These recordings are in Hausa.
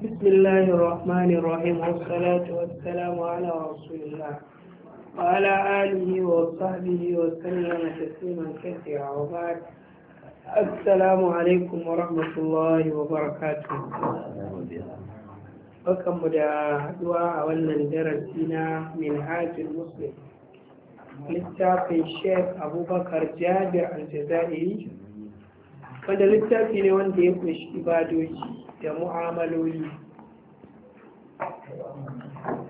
بسم الله الرحمن الرحيم والصلاة والسلام على رسول الله وعلى آله وصحبه وسلم تسليما كثيرا وبعد السلام عليكم ورحمة الله وبركاته da haɗuwa a wannan darasi na Minhajul littafin Sheikh Abubakar Jabir Aljazairi, wanda littafi ne wanda ya kunshi ibadoji da mu'amaloli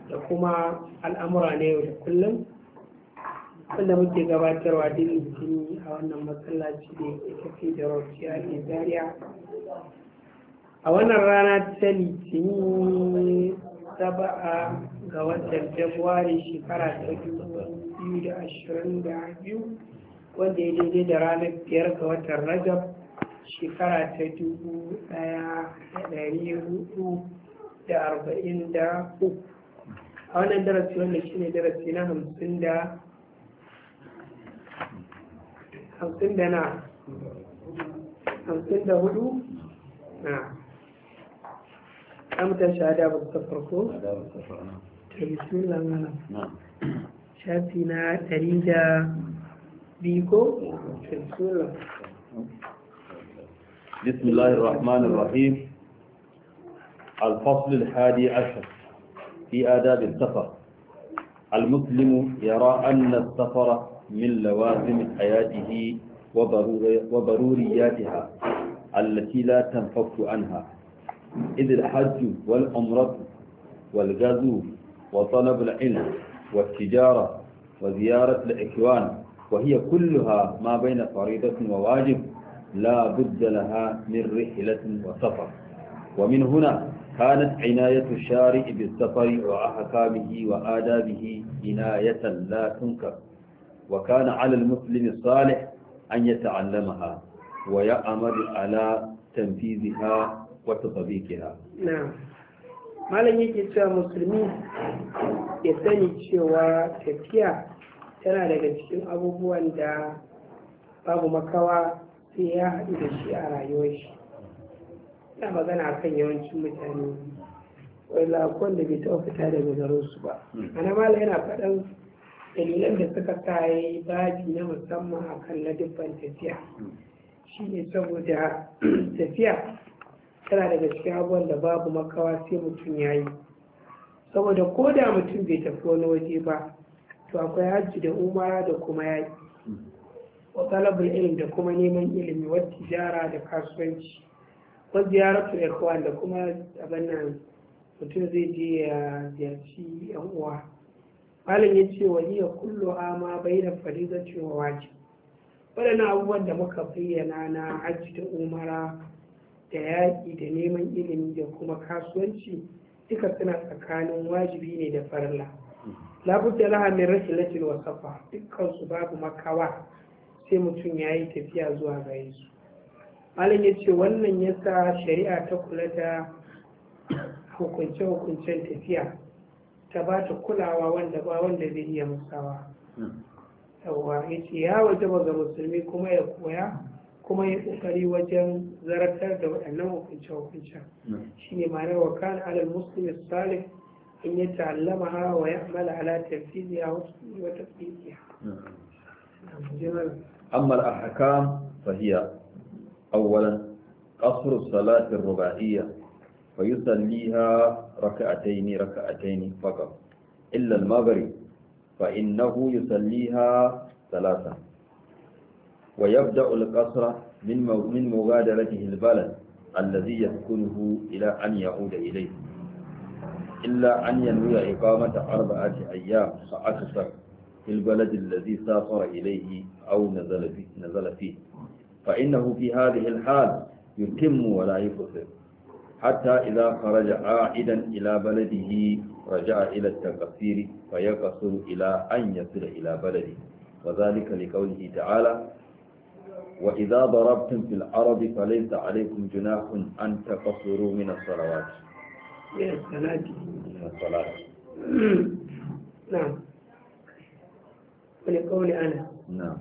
da kuma al'amura na yau da kullum wanda muke gabatarwa da litini a wannan matsalaci da ya tafi da rociya a zariya a wannan rana ta litini a ga watan februari shekara ta biyu da ashirin da biyu wanda ya daidai da ranar biyar ga watan rajab shekara ta dubu ɗaya da ɗari hudu da arba'in da uku a wannan darasi shi ne darasi na hamsin da hamsin da na hamsin da hudu na mutan shahada ba ta farko ta bismillah malam shafi na ɗari da biyu ko bismillah بسم الله الرحمن الرحيم الفصل الحادي عشر في آداب السفر المسلم يرى أن السفر من لوازم حياته وضرورياتها التي لا تنفك عنها إذ الحج والعمرة والغزو وطلب العلم والتجارة وزيارة الإخوان وهي كلها ما بين فريضة وواجب لا بد لها من رحلة وسفر ومن هنا كانت عناية الشارع بالسفر وأحكامه وآدابه عناية لا تنكر وكان على المسلم الصالح أن يتعلمها ويأمر على تنفيذها وتطبيقها نعم malam yake cewa musulmi ya sani cewa tafiya tana daga cikin abubuwan da babu makawa sai ya haɗu da shi a rayuwar shi ina magana a kan yawancin mutane lakon da bai taɓa fita daga garinsu ba hmm. ana mala yana faɗan dalilan da suka sa ya yi babi na musamman a kan ladubban tafiya hmm. shi ne saboda tafiya tana daga cikin abubuwan da babu makawa sai mutum ya yi saboda ko da mutum bai tafi wani waje ba to akwai hajji da umara da kuma yaƙi hmm. wa talabul ilm da kuma neman ilimi wa tijara da kasuwanci wa ziyaratu ikhwan da kuma abin nan mutum zai je ya ziyarci yan uwa malam ya ce wani iya kullu ma fari da cewa wajib waɗannan abubuwan da muka bayyana na hajji da umara da yaƙi da neman ilimi da kuma kasuwanci duka suna tsakanin wajibi ne da farilla mm-hmm. labudda laha min rahilatin wasafa dukkan su babu makawa sai mutum ya yi tafiya zuwa ga su. malam ya ce wannan ya sa shari'a ta kula da hukunce-hukuncen tafiya ta ba ta kulawa wanda ba wanda zai iya musawa yawwa ya ce ya waje ga musulmi kuma ya koya kuma ya kokari wajen zartar da waɗannan hukunce-hukuncen shi ne ma'anar wa kan alal musulmi salih in ya ta'allama ha ya amala ala tafiya wata tafiya أما الأحكام فهي أولا قصر الصلاة الرباعية فيصليها ركعتين ركعتين فقط إلا المغرب فإنه يصليها ثلاثا ويبدأ القصر من من مغادرته البلد الذي يسكنه إلى أن يعود إليه إلا أن ينوي إقامة أربعة أيام فأكثر في البلد الذي سافر إليه أو نزل فيه, نزل فيه فإنه في هذه الحال يتم ولا يفسر حتى إذا خرج عائدا إلى بلده رجع إلى التقصير فيقصر إلى أن يصل إلى بلده وذلك لقوله تعالى وإذا ضربتم في الأرض فليس عليكم جناح أن تقصروا من الصلوات من الصلاة نعم ولقول أنس نعم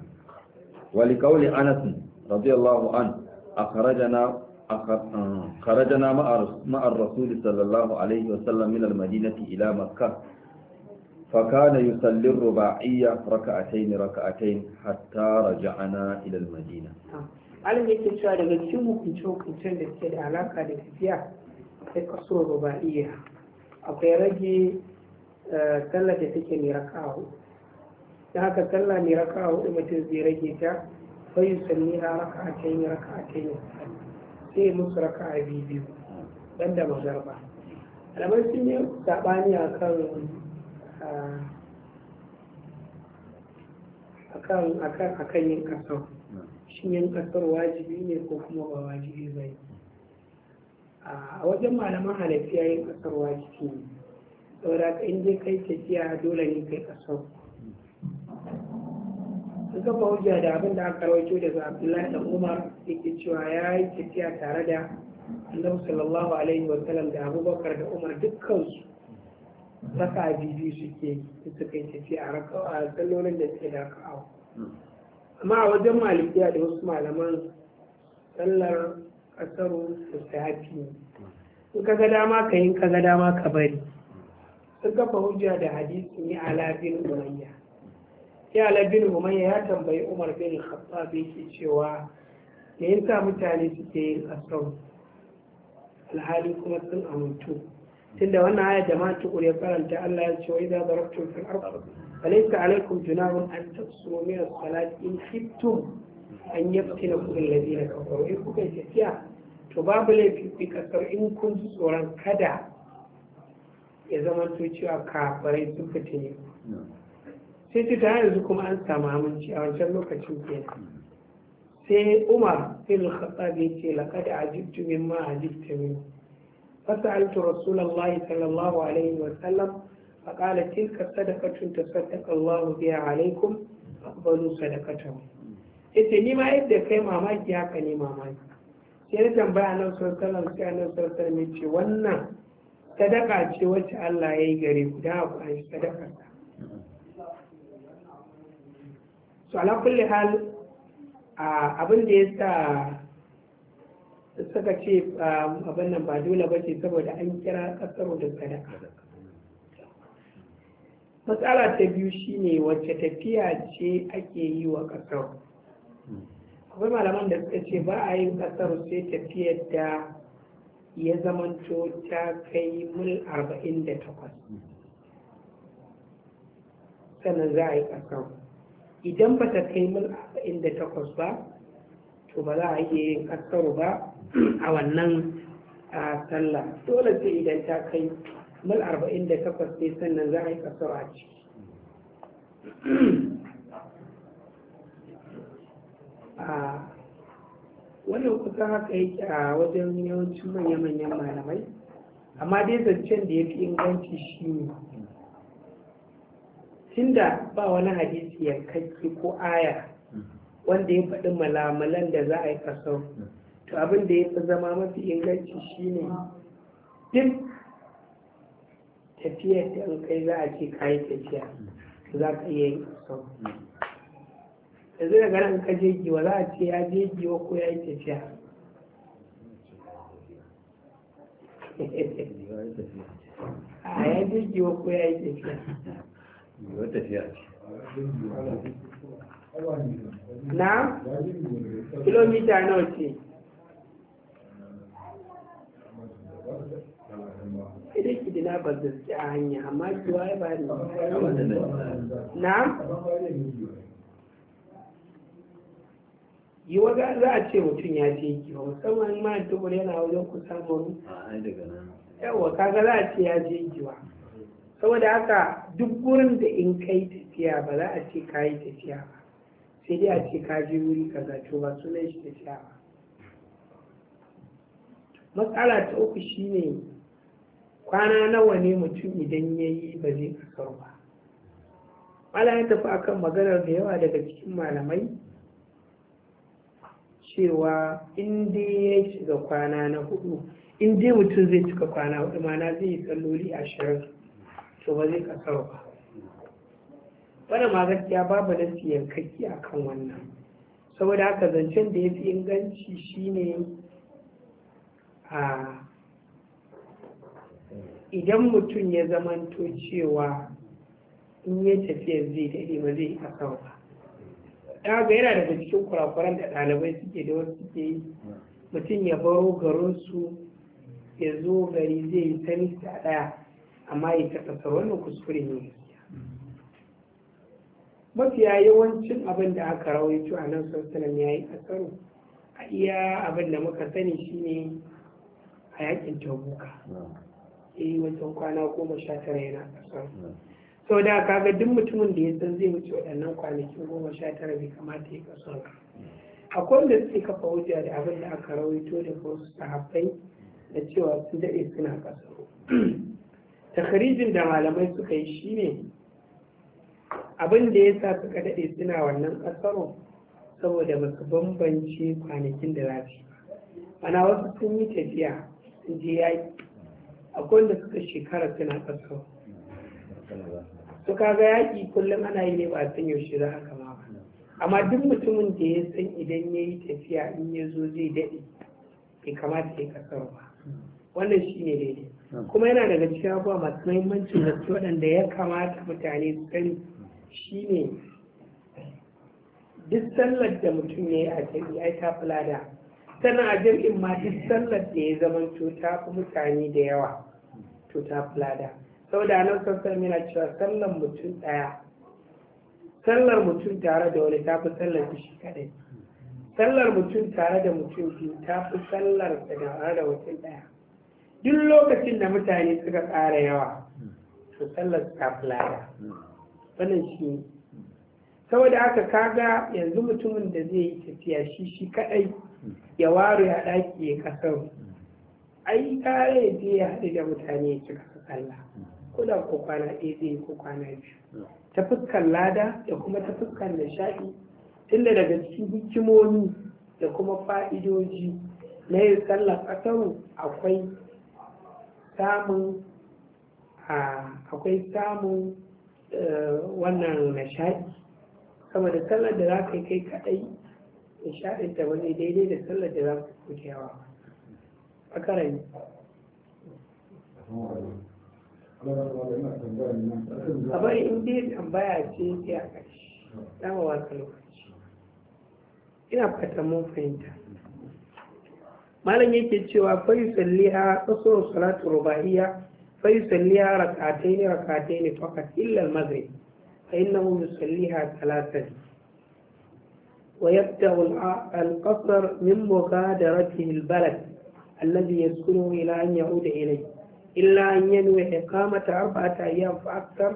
ولقول أنس رضي الله عنه أخرجنا خرجنا مع الرسول صلى الله عليه وسلم من المدينة إلى مكة فكان يصلي الرباعية ركعتين ركعتين حتى رجعنا إلى المدينة alam yake cewa daga cikin hukunce-hukuncen da suke da alaka da tafiya sai kaso ruba'iyya akwai rage sallar da take mai raka hudu da haka sallah mai raka hudu mutum zai rage ta fayu sanni na raka a can raka a can sai musu raka a biyu biyu da magarba alamar sun yi saɓani a kan a kan yin kasar shin yin kasar wajibi ne ko kuma ba wajibi ba ne a wajen malaman halafiya yin kasar wajibi ne saboda ka in je kai tafiya dole ne kai kasar su kafa hujja da abin da aka rawaito daga abdullahi da umar yake cewa ya yi tafiya tare da annabi sallallahu alaihi wa sallam da abubakar da umar su saka jiji suke suka yi tafiya a rakawa sallolin da suke da rakawa amma a wajen malikiya da wasu malaman sallar kasaru su ne in ka ga dama ka yi ka ga dama ka bari sun kafa hujja da hadisi ne a lafiyar umayya ya labin umar ya tambayi umar bin khattab yake cewa me yasa mutane suke yin asau alhali kuma sun amintu tunda wannan aya jama'a tukur ya karanta Allah ya ce wa idza darabtum fil ard alaysa alaykum junahun an tasumu min as-salati in khiftum an yaftinakum alladhina kafaru in kuka yi tafiya to babu laifi fi kasar in kun tsoron kada ya zama to cewa kafirai sun fitine sai ta ta yanzu kuma an samu aminci a wancan lokacin kenan sai umar fil khattabi ce laqad ajibtu mimma ajibtu min fasalatu rasulullahi sallallahu alaihi wa sallam fa qala tilka sadaqatu tasaddaqa Allah biya alaikum a aqbalu sadaqatu ita ni ma yadda kai mamaki haka ne mamaki sai na tambaya nan sallallahu alaihi wa sallam sai nan sallallahu alaihi wa sallam ce wannan sadaka ce wacce Allah ya yi gare ku da ku an sadaka su ala kulli hal abin da ya sa suka ce abin nan ba dole ba ce saboda an kira kasaro da sadaka matsala ta biyu shine wacce tafiya ce ake yi wa kasar akwai malaman da suka ce ba a yi kasar sai tafiyar da ya zamanto ta kai mil 48 sannan za a yi kasar idan ba ta kai mil arba'in da takwas ba to ba za a iya yin askaru ba a wannan sallah dole sai idan ta kai mil arba'in da takwas sai sannan za a yi askaru a ciki wannan kusa haka yake a wajen yawancin manya-manyan malamai amma dai zancen da ya fi inganci shi ne tunda ba wani hadisi yankakki ko aya wanda ya faɗi malamalan da za a yi kasau to abin da ya fi zama mafi inganci shine duk tafiyar da in kai za a ce kayi tafiya za ka iya yin kasau yanzu daga nan ka je giwa za a ce ya je giwa ko ya yi tafiya a ya je giwa ko ya yi tafiya yau tafiya na kilomita nawa ce idan ki dina ba zai a hanya amma kiwa ya ba na yi waga za a ce mutum ya ce ki ba musamman ma dubur yana wajen ku samun yawa kaga za a ce ya je ki ba saboda haka duk gurin da in kai tafiya ba za a ce ka yi tafiya ba sai dai a ce ka je wuri kaza to ba sunan shi tafiya ba matsala ta uku shine kwana nawa ne mutum idan ya yi ba zai kasar ba mala ya tafi akan maganar da yawa daga cikin malamai cewa in ya shiga kwana na hudu in mutum zai cika kwana hudu mana zai yi tsalloli ashirin to zai kasar ba wani ma gaskiya babu na yankakki a kan wannan saboda haka zancen da ya fi inganci shine a idan mutum ya zamanto cewa in ya tafiya zai daɗe ba zai kasar ba ga yana daga cikin kurakuran da ɗalibai suke da wasu suke yi mutum ya baro garinsu ya zo gari zai yi sanista ɗaya amma ya takasar wannan kuskure ne gaskiya mafiya yawancin abin da aka rawaito a nan sassanin ya yi kasaro a iya abin da muka sani shine a yakin tabuka ya yi wancan kwana goma sha tara yana kasar sau da kaga duk mutumin da ya san zai wuce waɗannan kwanakin goma sha tara bai kamata ya kasar akwai wanda suke kafa hujja da abin da aka rawaito daga wasu sahabbai da cewa sun daɗe suna kasaro takarijin da malamai suka yi shine abin da ya sa suka daɗe suna wannan asaro saboda masu bambance kwanakin da zafi ana wasu sun yi tafiya sun je yaƙi akwai wanda suka shekara suna ƙasar su kaga yaƙi kullum ana yi ne ba san yaushe za a kama ba amma duk mutumin da ya san idan ya yi tafiya in ya zo zai daɗe bai kamata ya kasar ba wannan shine daidai kuma yana daga cikin abubuwa masu muhimmanci da su waɗanda ya kamata mutane su sani ne duk sallar da mutum ya yi a jami'i ai ta fulada sannan a jami'in ma duk sallar da ya zama ta fi mutane da yawa to ta fulada saboda nan sassan yana cewa sallar mutum ɗaya sallar mutum tare da wani ta fi sallar shi kaɗai sallar mutum tare da mutum biyu ta fi sallar da tare da mutum ɗaya duk lokacin da mutane suka tsara yawa su tsallar ta wannan shi saboda aka kaga yanzu mutumin da zai yi tafiya shi shi kadai ya waru ya ɗaki ya kasar ai kare ya je ya haɗu da mutane ya cika tsalla, ko da ko kwana ɗaya zai ko kwana biyu ta fuskar lada da kuma ta fuskar nishaɗi tunda daga cikin hikimomi da kuma fa'idoji na yin sallar akwai samun akwai samun e, wannan nishaɗi da sallar da za ka yi kai kaɗai nishaɗin ta wani daidai da sallar da za ka kuke yawa a karami a bari in dai tambaya ce ya a ƙarshe dama wata lokaci ina fatan mun fahimta malam yake cewa fa yusalliha qasru salatu rubahiyya fa yusalliha rak'atayn rak'atayn faqat illa al-maghrib fa innahu yusalliha thalathan wa yabda'u al-qasr min mughadaratihi al-balad alladhi yaskunuhu ila an ya'uda ilayhi illa an yanwi iqamata arba'ati ayyam fa akthar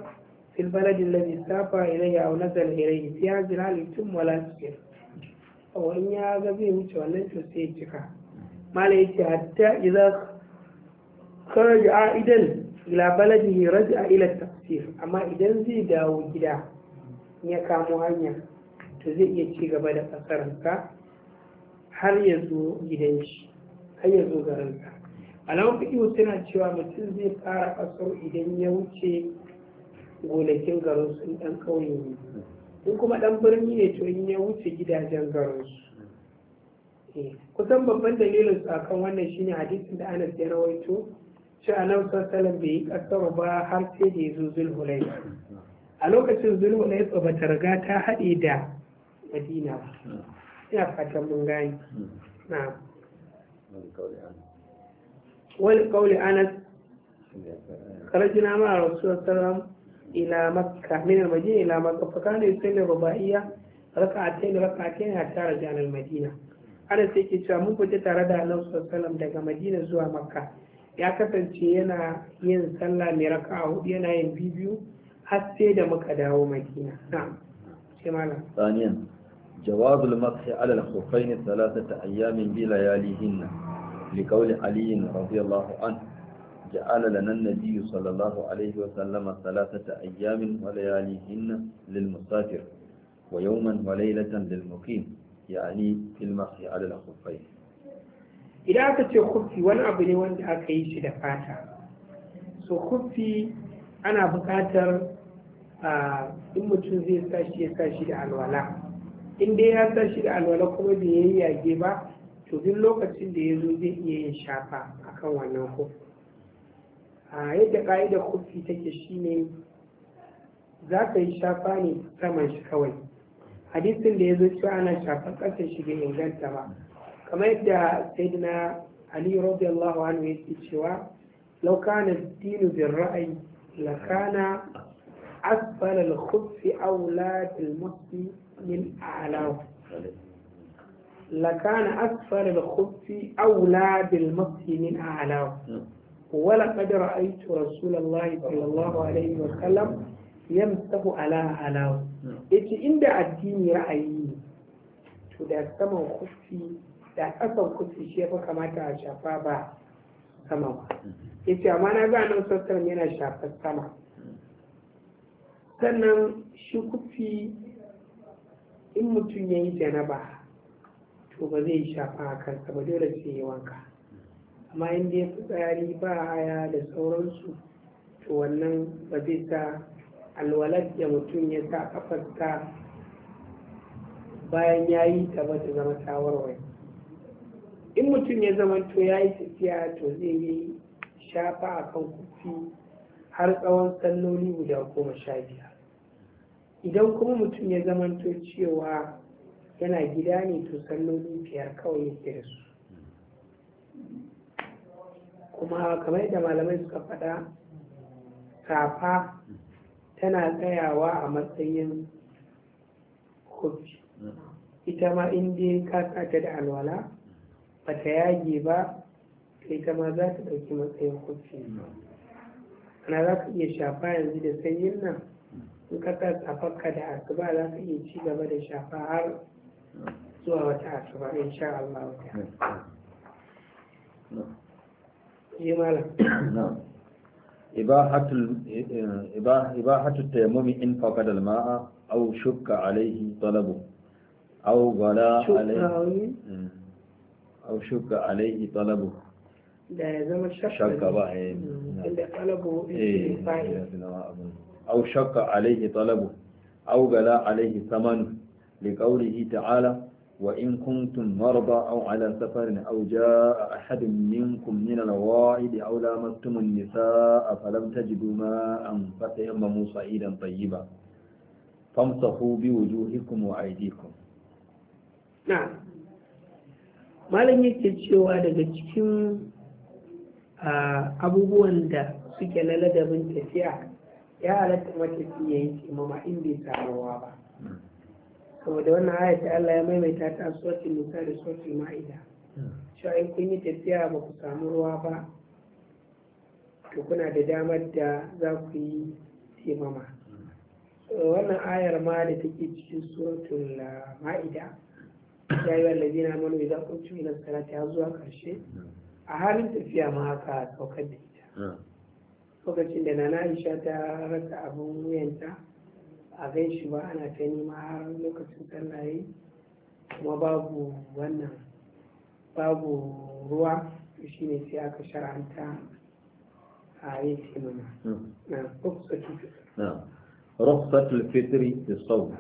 في البلد الذي سافر إليه أو نزل إليه في هذه الحال يتم ولا يسكن أو إن يا غبي ya cika. mala yace hatta idan kharaja aidan ila baladihi raja ila tafsir amma idan zai dawo gida ya kamo hanya to zai iya ci gaba da kasaranka har ya zo gidan shi har ya zo garinka alamun fi'iyu tana cewa mutum zai fara kasar idan ya wuce gonakin garin sun dan ƙauye ne in kuma dan birni ne to in ya wuce gidajen garin su Eh, kusan babban dalilin akan wannan shine hadisin da anas ya rawaito shi a nan sassalan bai yi kasar ba har sai da ya zo zulhulai a lokacin zulhulai tsoba ta riga ta haɗe da madina ya fatan mun gani na wani kauli anas karajina ma a rasuwar sallam ila makka min almadina ila makka fa kana yusalli rubaiya raka'atayn raka'atayn hatta janar almadina anas yake cewa mun fita tare da annabi daga madina zuwa makka ya kasance yana yin sallah mai raka'a hudu yana yin bibiyu har sai da muka dawo madina na'am sai malam saniyan jawabul maqsi ala al-khufayn thalathata ayyamin bi layalihin li qawli ali radhiyallahu an ja'ala lana an-nabiy sallallahu alaihi wa sallama thalathata ayyamin wa layalihin lil musafir ويوما وليلة للمقيم yani fil ya ala idan aka ce kufi wani abu ne wanda aka yi shi da fata so kufi ana buƙatar in mutum zai sashi shi ya sa shi da alwala in dai ya sashi da alwala kuma bai yi yage ba to duk lokacin da ya zo zai iya yin shafa a kan wannan kufi a yadda ka'idar kufi take shine za ka yi shafa ne saman shi kawai hadisin da ya zo cewa ana shafar ƙasar shi bai inganta ba kamar yadda sayyidina ali radiyallahu anhu yake cewa law kana dinu bin ra'ayi la kana asfal al khuffi awla bil musli min a'lahu لكان أسفل الخف أولى بالمسح من أعلاه ولقد رأيت رسول الله صلى الله عليه وسلم yamsahu ala ala hmm. yace inda addini ra'ayi ne to da saman kufi da kasan kufi shi ya kamata a shafa ba sama hmm. yace amma na ga nan sassan yana shafar sama hmm. sannan shi kufi in mutum ya yi janaba to ba zai shafa a kansa ba dole sai ya wanka amma ya fi tsari, ba haya da sauransu to wannan ba zai sa alwalad da mutum ya sa kafarsa bayan ya yi ta ba ta zama tawarwai in mutum ya zama to ya yi tafiya to zai yi shafa a kan kufi har tsawon salloli guda goma sha biyar idan kuma mutum ya zama to cewa yana gida ne to salloli biyar kawai yake da su kuma kamar yadda malamai suka faɗa safa tana tsayawa a matsayin kofi ita ma inda dai ka sata da alwala ba ta yage ba ita ma za ta ɗauki matsayin kofi ana za ka iya shafa yanzu da sanyin nan in ka sa safarka da asuba za ka iya ci gaba da shafa har zuwa wata asuba sha Allah wata. Yi malam. إباحة التيمم إن فقد الماء أو شك عليه طلبه أو غلا عليه أو شك عليه طلبه da ya zama shakka ba eh, hmm, au eh, shakka alaihi talabu au gala alaihi samanu li ta'ala وإن كنتم مرضى أو على سفر أو جاء أحد منكم من الغائد أو لامستم النساء فلم تجدوا ماء فتيمموا صعيدا طيبا فامسحوا بوجوهكم وأيديكم نعم malam yake cewa daga cikin abubuwan da suke na ladabin tafiya ya halatta matafiya ya yi taimama in bai samuwa ba da wannan aya ta Allah ya maimaita ta suratul nisa da suratul ma'ida cewa in kun yi tafiya ba ku samu ruwa ba to kuna da damar da za ku yi taimama wannan ayar ma da take cikin suratul ah, ma'ida ya yi wallazi na manu ya kun cikin ilan salati ya zuwa karshe a halin tafiya ma haka saukar da ita ah. lokacin da na aisha ta rasa abin wuyanta a gan shi ba ana ta nema har lokacin tsallaye kuma babu wannan babu ruwa shi ne sai aka shara'anta a yin taimama hmm. na rukhsatul fitr rukhsatul fitri da sau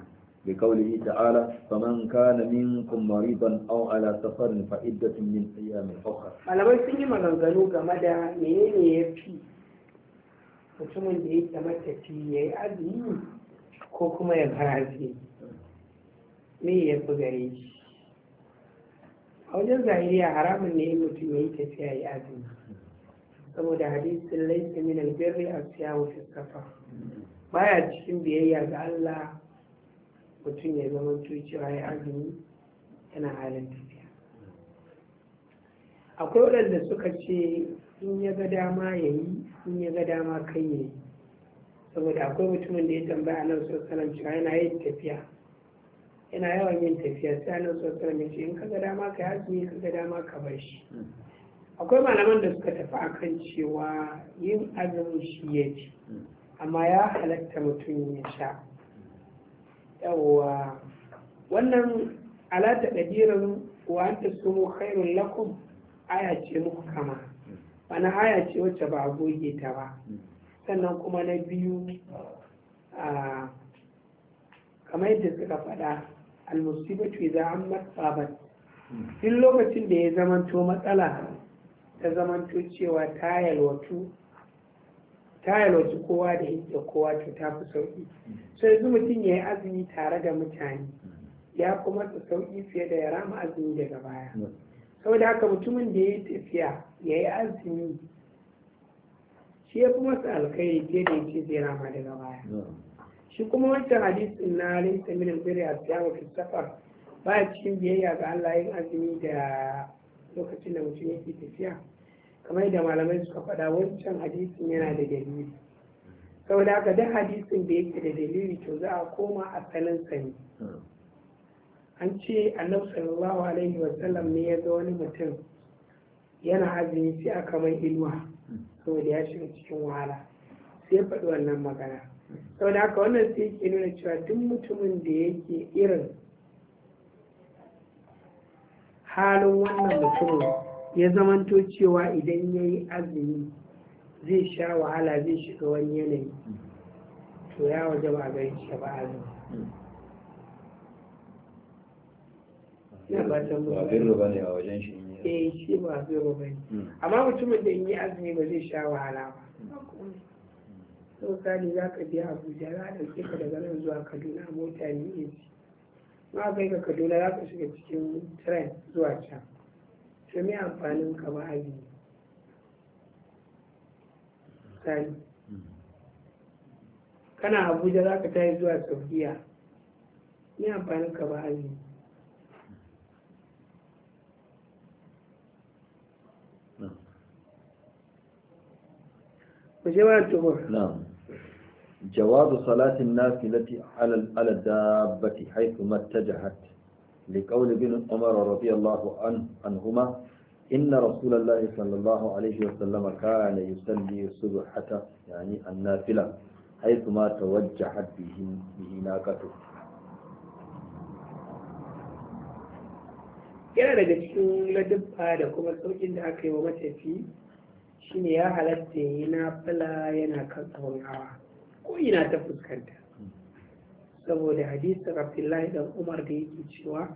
بقوله تعالى فمن كان منكم مريضا ala safarin fa'idatin فعدة من mai اخرى malamai sun yi maganganu game da menene ya fi mutumin da yake matafi ya yi azumi ko kuma ya harazi me ya fi gare shi a wajen zahiriya haramun ne mutum ya yi tafiya ya azumi saboda hadisin laifin min albirri a siya wa kafa baya cikin biyayya ga Allah mutum ya zama cewa ya azumi yana halin tafiya akwai waɗanda suka ce in ya ga dama ya yi in ya ga dama kai ya yi saboda akwai mutumin da ya tambaya nan sosalam cewa yana yin tafiya yana yawan yin tafiya sai nan sosalam ya ce in ka ga dama ka azumi ka ga dama ka bar shi akwai malaman da suka tafi akan cewa yin azumin shi ya ci amma ya halatta mutum ya sha yawwa wannan alata ɗadiran wa an ta sumu khairun lakum aya ce muku kama wani aya ce wacce ba a goge ta ba sannan kuma na biyu a kamar yadda suka faɗa almusibatu idza ammat sabat duk lokacin da ya zamanto matsala ta zamanto cewa ta yalwatu kowa da yake kowa ta fi sauƙi so yanzu mutum ya yi azumi tare da mutane ya kuma su sauƙi fiye da ya rama azumi daga baya Sau da haka mutumin da ya yi tafiya ya yi azumi shi ya kuma sa alkai ke da yake zai rama daga baya shi kuma wancan hadisin na rinta min albiri a siyawa safar ba cikin biyayya ga Allah yin azumi da lokacin da mutum yake tafiya kamar da malamai suka faɗa wancan hadisin yana da dalili saboda haka duk hadisin da yake da dalili to za a koma asalin sani ne an ce annabi sallallahu alaihi wasallam ne ya ga wani mutum yana azumi sai aka mai inuwa saboda ya shiga cikin wahala sai faɗi wannan magana saboda haka wannan sai ke nuna cewa duk mutumin da yake irin halin wannan mutumin ya zamanto cewa idan ya yi azumi zai sha wahala zai shiga wani yanayi to ya waje ba gari shi ba azumi ina fatan ba birru bane a wajen shi eh shi ba birru bane hmm. amma mutumin da in yi azumi ba zai sha wahala ba hmm. sau sani za ka biya abuja za a ɗauke ka daga nan zuwa kaduna mota ne ya ci ma kai ka kaduna za ka shiga cikin tren zuwa can to me amfanin ka ba azumi sani hmm. kana abuja za ka tayi zuwa Safiya, me amfanin ka ba azumi مجمع الجمهور نعم جواز صلاة النافلة على على الدابة حيث ما اتجهت لقول ابن عمر رضي الله عنه عنهما إن رسول الله صلى الله عليه وسلم كان يصلي الصبحة يعني النافلة حيث ما توجهت به به ناقته yana daga cikin ladabba da kuma saukin da aka yi wa matafi ne ya halatta ya yi nafila yana kan tsawon hawa ko ina ta fuskanta saboda hadisin abdullahi dan umar da yake cewa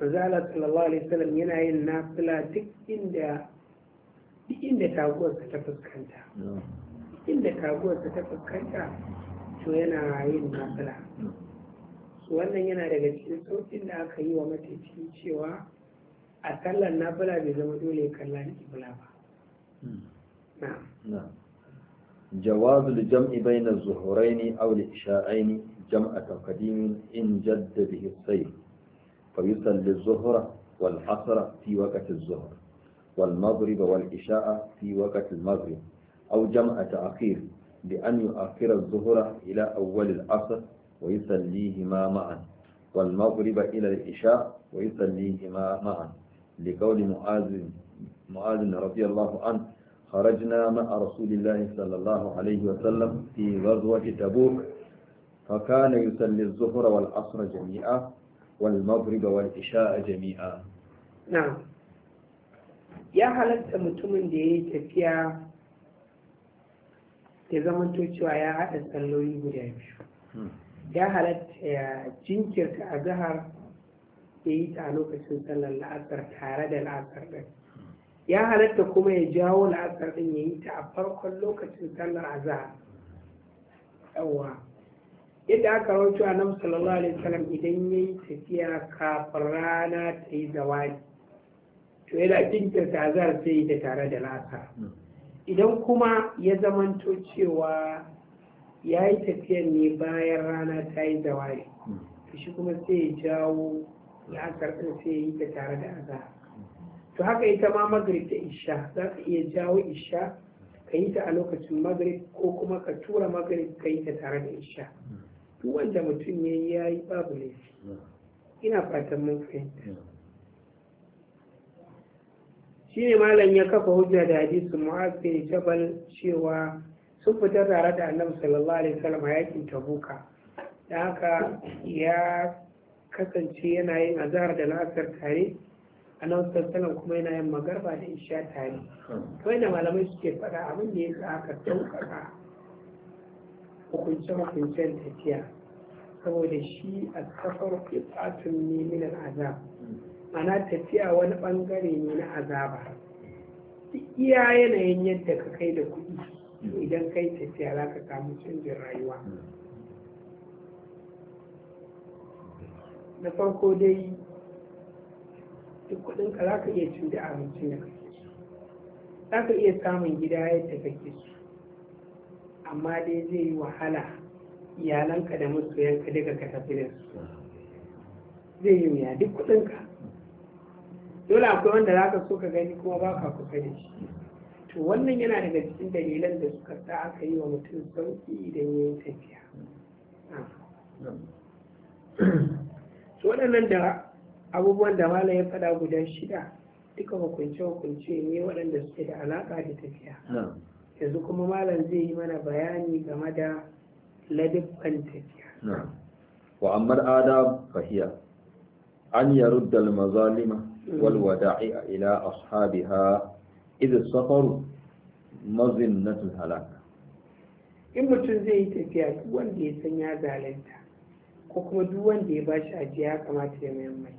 manzala sallallahu alaihi wasallam yana yin nafila duk inda duk inda taguwarsa ta fuskanta inda taguwarsa ta fuskanta to yana yin nafila wannan yana daga cikin saukin da aka yi wa matafiyi cewa a sallar nafila bai zama dole kallon ibla ba نعم نعم جواز الجمع بين الظهرين أو الإشاعين جمع تقديم إن جد به الصيف فيصلي للظهر والعصر في وقت الظهر والمغرب والإشاء في وقت المغرب أو جمع تأخير بأن يؤخر الظهر إلى أول العصر ويصليهما معا والمغرب إلى الإشاء ويصليهما معا لقول معاذ معاذ رضي الله عنه خرجنا مع رسول الله صلى الله عليه وسلم في غزوة تبوك فكان يصلي الظهر والعصر جميعا والمغرب والعشاء جميعا نعم يا حالك متمن دي تفيا تزمن توچوا يا عدد صلوي بريم يا حالك يا جنكر كأزهر إيه تعلوك سنسل الله أكبر تارد الأكبر ya halatta kuma ya jawo la'asar ɗin ya yi ta a farkon lokacin sallar azhar yawa yadda aka rawaito a nan sallallahu alaihi wasallam idan ya yi tafiya kafin rana ta yi zawani, to yana ta azhar sai da tare da la'asar idan kuma ya zamanto cewa ya yi tafiyar ne bayan rana ta yi zawani, to shi kuma sai ya jawo la'asar ɗin sai ya yi ta tare da azhar to haka ita ma magrib ta isha za ka iya jawo isha ka yi ta a lokacin magrib ko kuma ka tura magrib ka yi ta tare da isha duk wanda mutum ya yi ya yi babu laifi ina fatan mun fahimta shi ne malam ya kafa hujja da hadisu mu'az bin jabal cewa sun fita tare da annabi sallallahu alaihi wasallam a yakin tabuka da haka ya kasance yana yin azhar da la'asar tare annabi tattalin kuma yana yin magarba da isha tare kuma yana malamai suke fada abin da ya sa aka daukaka hukunce hukuncen tafiya saboda shi a kafar qit'atun ne azab ana tafiya wani bangare ne na azaba iya yanayin yadda ka kai da kuɗi idan kai tafiya za ka samu canjin rayuwa na farko dai duk kuɗin ka za ka iya da abincin da kake so za ka iya samun gida yadda kake so amma dai zai yi wahala iyalanka da masoyanka daga ka tafi da su zai yi wuya duk kuɗinka dole akwai wanda za ka so ka gani kuma ba ka kusa da shi to wannan yana daga cikin dalilan da suka sa aka yi wa mutum sauki idan ya yi tafiya to waɗannan da abubuwan da malam ya faɗa guda shida duka hukunce-hukunce ne waɗanda suke da alaƙa da tafiya yanzu kuma malam zai yi mana bayani game da ladibban tafiya wa ammar adab fahiya an yarudda al-mazalima mm. wal wada'i ila ashabiha idh safaru mazinnatul halak in mutum zai yi tafiya duk wanda ya san ya zalunta ko kuma duk wanda ya bashi ajiya kamata ya mai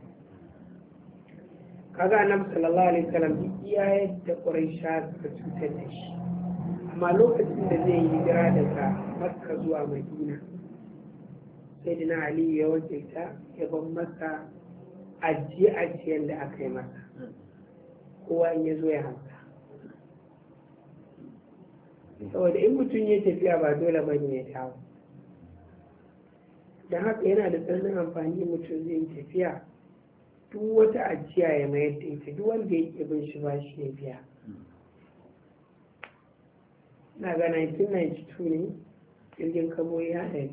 kaga annabi sallallahu alaihi wasallam duk iya yadda quraisha suka cutar da shi amma lokacin da zai yi hijira daga makka zuwa madina sai dina ali ya wace ta ya ban masa ajiye ajiyen da aka yi masa kowa in ya zo ya hanta saboda in mutum ya tafiya ba dole ba ne ya dawo dan haka yana da tsananin amfani mutum zai yi tafiya duk wata ajiya ya mayar da ita duk wanda ya ke bin shi ba shi ya biya na ga 1992 ne jirgin kamo ya haɗari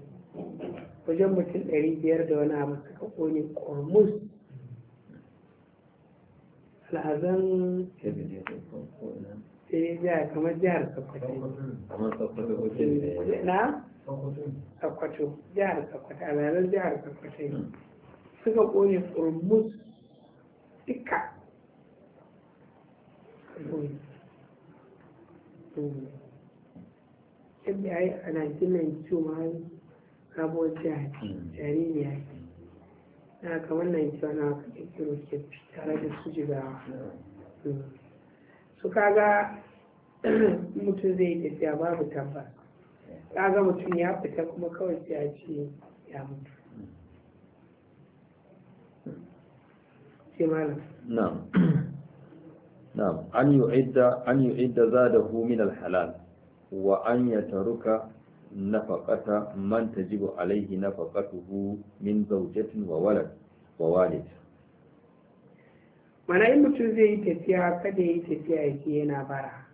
wajen mutum 500 da wani abu suka kone kormus al'azan sai ya kamar jihar sakwato na sokoto jihar sakwato a jihar sokoto hmm. suka kone kormus duka yadda ya yi a 1992 ma hmm. jaririya na kamar 91 na aka kirkiro ke tare da su jigawa hmm. su kaga mutum zai tafiya babu tabbas kaga mutum ya fita kuma kawai sai ya ce ya mutu An yi na'am na'am za da an min al-halal wa an yataruka nafaqata man tajibu alayhi nafaqatuhu min wa walad wa walid mana in mutum zai yi tafiya kada ya yi tafiya ya ce yana bara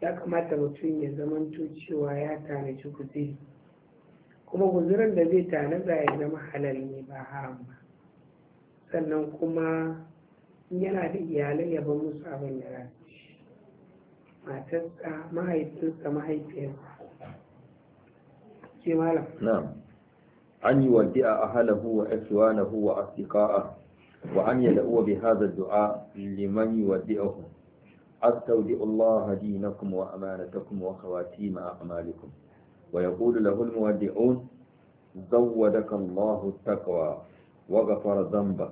ya kamata mutum ya zamanto cewa ya tanaji guziri kuma guzirin da zai tanaza ya zama halal ne ba haram ba sannan kuma yana da iyalai ya ba musu abin da za matarsa mahaifinsa mahaifiyarsa ke malam na'am an yi wadi'a ahlahu wa ikhwanahu wa asdiqa'ah wa an yi da'uwa bai haza dua liman yi wa allah na kuma kuma amana ta yuwaddi'uhu أستودع الله دينكم وأمانتكم وخواتيم أعمالكم ويقول له المودعون زودك الله التقوى وغفر ذنبك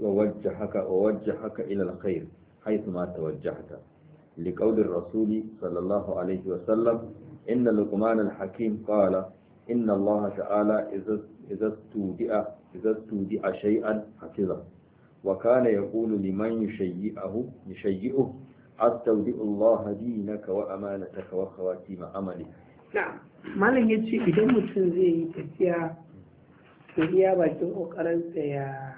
ووجهك ووجهك إلى الخير حيثما توجهت لقول الرسول صلى الله عليه وسلم إن لقمان الحكيم قال إن الله تعالى إذا استودع إذا استودع شيئا حفظه وكان يقول لمن يشيئه يشيئه أستودع الله دينك وأمانتك وخواتيم عملك نعم malam ya ce idan mutum zai yi tafiya iya bakin ƙoƙarinsa ya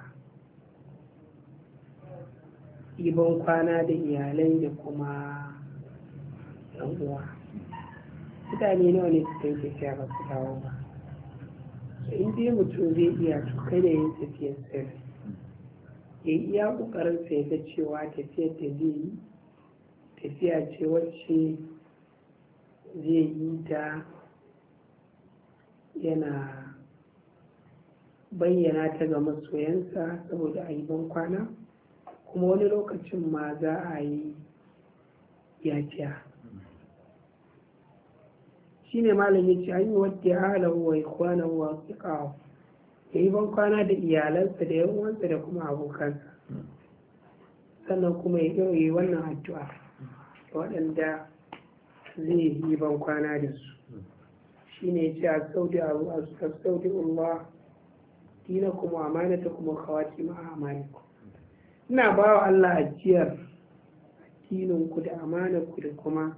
ibon kwana da iyalai da kuma yan uwa mutane nawa ne suka yi tafiya ba su dawo ba in dai mutum zai iya to kada yin tafiyar sirri ya iya ƙoƙarinsa ya ga cewa tafiyar da zai yi tafiya ce wacce zai yi ta yana bayyana ta ga masoyansa saboda a yi ban kwana kuma wani lokacin ma za a yi yafiya shi ne malam ya ce an yi wadda halahu wa ikwanahu wa tsiqahu ya yi ban kwana da iyalansa da yan da kuma abokansa sannan kuma ya yi wannan addu'a waɗanda zai yi ban kwana da su shi ne ya ce a saudi a saudi Allah dina kuma amanata kuma kawaki ma amaniku ina ba wa Allah ajiyar addinin ku da amana ku da kuma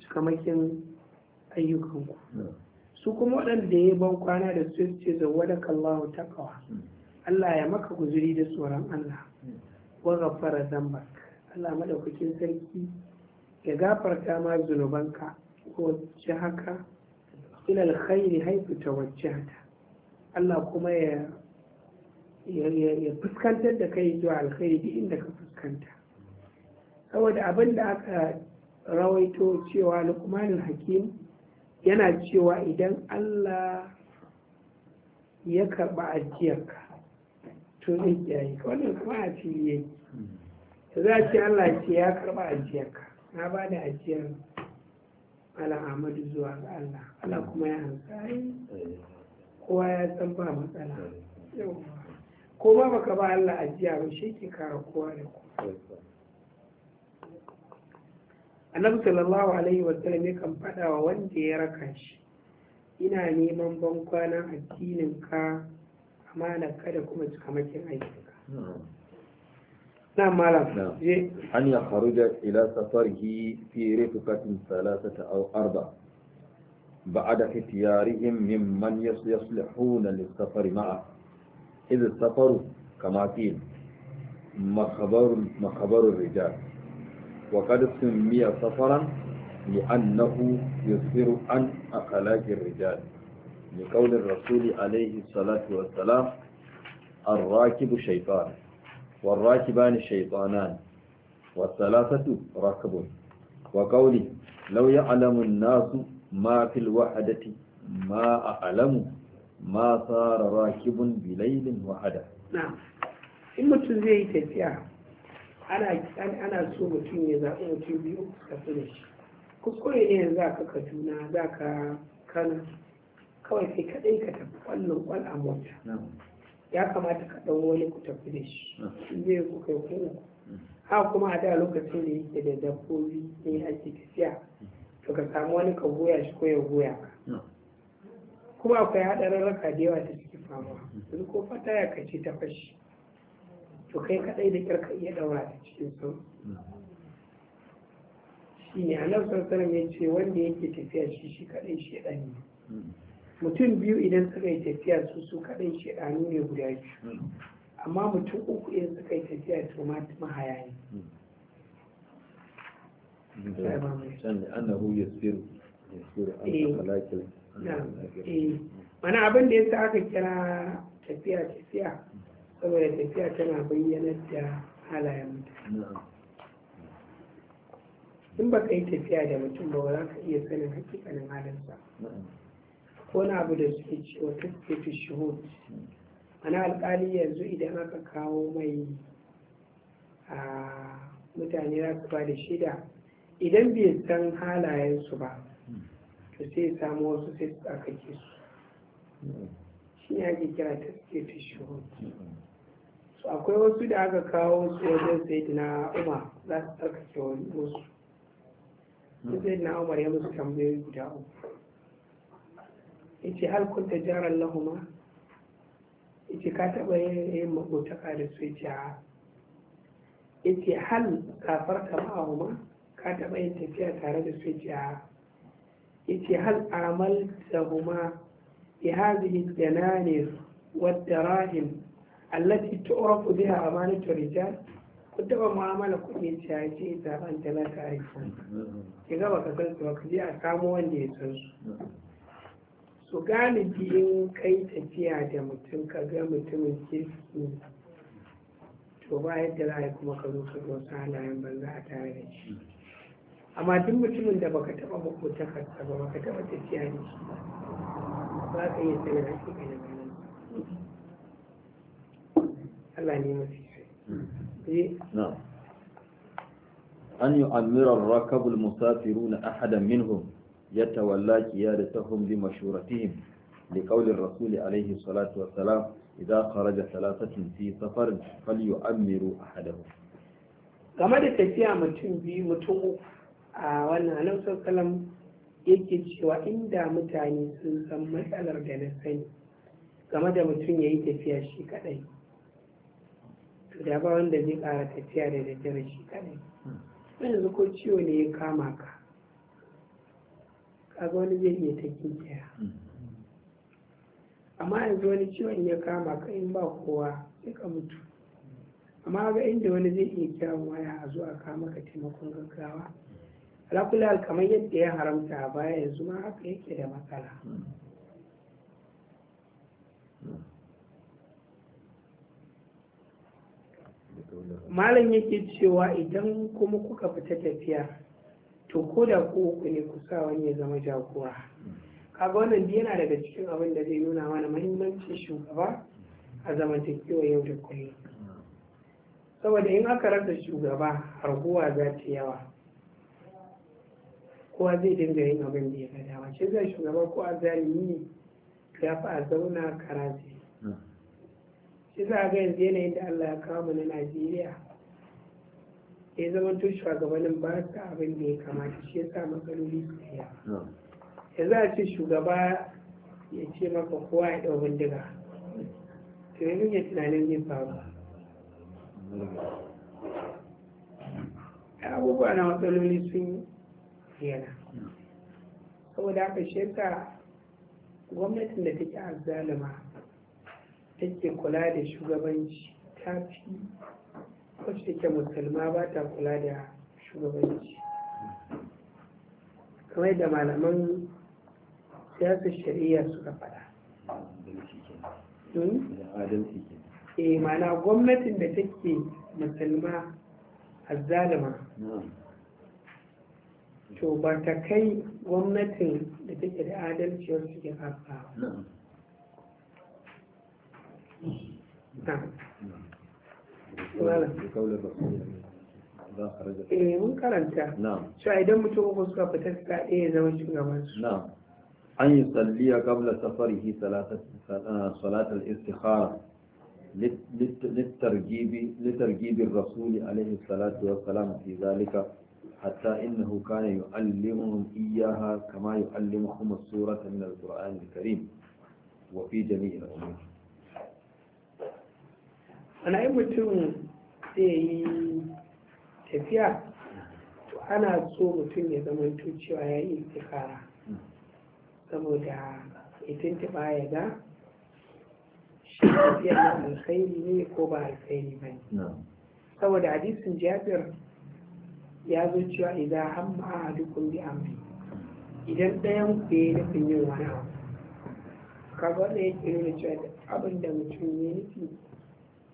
cikamakin ayyukanku su kuma waɗanda ya ban kwana da su ce zawada kallahu taqwa Allah ya maka guzuri da tsoron Allah wa ghafara dhanbak Allah madaukakin sarki ya gafarta ma zunubanka ko haka ila alkhairi haifu haka. Allah kuma ya fuskantar da kai zuwa alkhairi duk inda ka fuskanta saboda abin da aka rawaito cewa lukmanin hakim yana cewa idan Allah ya karɓa ajiyarka to zai kiyaye ka wannan kuma a fili yake za a ce Allah ce ya karɓa ajiyarka na ba da ajiyar alhamadu zuwa ga Allah Allah kuma ya hansa kowa ya san ba matsala hmm. ko ma baka ba Allah ajiya ba shi ke kara kowa da kowa annabi sallallahu alaihi wa sallam ya kan fada wa wanda ya raka shi ina neman ban addinin ka amana kuma da kuma cikamakin aikinka نعم مالك نعم. أن يخرج إلى سفره في رفقة ثلاثة أو أربعة بعد اختيارهم ممن يصلحون للسفر معه إذ السفر كما قيل مخبر, مخبر الرجال وقد سمي سفرا لأنه يصفر عن أخلاق الرجال لقول الرسول عليه الصلاة والسلام الراكب شيطان والراكبان شيطانان والثلاثة راكب وقوله لو يعلم الناس ma في الوحدة ما a alamu ma راكب بليل bilailin نعم in mutum zai yi tafiya ana so mutum ya zaɓi mutum biyu ka fi da shi kuskure ne za ka kaduna za ka kana kawai sai kaɗai ka tafi ƙwallon kwal a mota ya kamata ka wani ku tafi da shi zai ku kai kuma kuma a da lokacin da yake da dabbobi ne ake tafiya to ka samu wani ka goya shi ko ya goya ka kuma akwai haɗarin raka da yawa ta ciki famuwa yanzu ko fata ya kace ta fashi to kai kaɗai da kyar ka iya ɗaura ta cikin sauƙi shi ne annabi sallallahu ya ce wanda yake tafiya shi shi shi ɗan mm. mutum biyu idan suka yi tafiya su su kaɗai shi ɗanu ne guda biyu mm. amma mutum uku idan suka yi tafiya to ma mahaya ne mm. Eh, eh. abin da yasa aka kira tafiya tafiya saboda tafiya tana bayyana da halayen mutane in ba ka yi tafiya da mutum ba za ka iya sanin hakikanin halinsa ko na abu da suke cewa fi shuhud ana alkali yanzu idan aka kawo mai a ah, mutane za su ba da shida idan bai san halayensu ba to sai ya samu wasu sai su aka ke su shi ne ake kira ta suke ta shuru so akwai wasu da aka kawo su wajen sai na umar za su tsarkake wasu sai na umar ya musu tambayoyi guda uku ya ce hal kun tajarar lahuma ya ce ka taɓa yin ka da su ya ce ha ya ce hal kafarta ma'ahuma ka taɓa yin tafiya tare da su ce a yace hal amal da huma bi hadhihi jananis wad darahim allati tu'rafu biha amanatu rijal ku taɓa mu'amala kuɗi ce a ce zaɓen da la ta'rifu ki gaba ka san su ka je a samo wanda ya san su su galibi kai tafiya da mutum ka ga mutumin kirki to ba yadda za a yi kuma ka zo ka zo halayen banza a tare da shi amma duk mutumin da baka taba makotakar ta ba baka taba tafiya Allah ne mafi sai أن يؤمر الركب المسافرون أحدا منهم يتولى قيادتهم بمشورتهم لقول الرسول عليه الصلاة والسلام إذا خرج ثلاثة في سفر فليؤمروا أحدهم كما a wannan annabi sallam yake cewa inda mutane sun san matsalar da na sani game da mutum ya yi tafiya shi kadai to da ba wanda zai kara tafiya da daddare shi kadai yanzu ko ciwo ne ya kama ka kaga wani zai iya ta kinkira amma yanzu wani ciwon ya kama ka in ba kowa sai ka mutu amma ga inda wani zai iya kiran waya a zuwa kama ka taimakon gaggawa alakulal kamar yadda ya haramta a baya yanzu ma haka yake da matsala malam yake cewa idan kuma kuka fita tafiya to ko da ku uku ne ku wani ya zama jagora kaga wannan yana daga cikin abin da zai nuna mana mahimmancin shugaba a zamantakewa yau da kullum saboda in aka rasa shugaba harguwa za ta yawa kowa zai dinga yin abin da ya ga dama shi zai shugaba ko a zalimi ne ya fi a zauna karatu hmm. shi za a ga yanzu yanayin da allah ya kawo mu na najeriya ya zama tun shugabannin ba su abin da ya kamata shi ya sa matsaloli su ya hmm. ya za a ce shugaba ya ce maka kowa ya ɗau bindiga to yanzu ya tunanin yin faru hmm. abubuwa na matsaloli sun yi yana saboda haka shekka gwamnatin da take azzalima take kula da shugabanci ta fi wacce take musulma ba ta kula da shugabanci kamar da malaman siyasar shari'a suka faɗa hmm? E, eh, mana gwamnatin da take musulma azzalima to ba ta kai gwamnatin da take da adalciyar cikin haka Eh mun karanta. Cewa idan mutum uku suka fita suka ɗaya zama shugaban su. أن يصلي قبل سفره صلاة الاستخارة للترجيب لترجيب الرسول عليه الصلاة والسلام في ذلك حتى إنه كان يعلمهم إياها كما يعلمهم السورة من القرآن الكريم وفي جميع الأمور أنا أمتم سيئي تفيا ana so mutum ya zama cewa ya yi istikara saboda idan ta baya ga shi tafiyar na alkhairi ne ko ba alkhairi ba ne saboda hadisin jafir. ya zo cewa idan a dukkan bi amri idan ɗayan ku ya nufin yin wani abu kaga wanda yake da cewa da abin da mutum ya nufi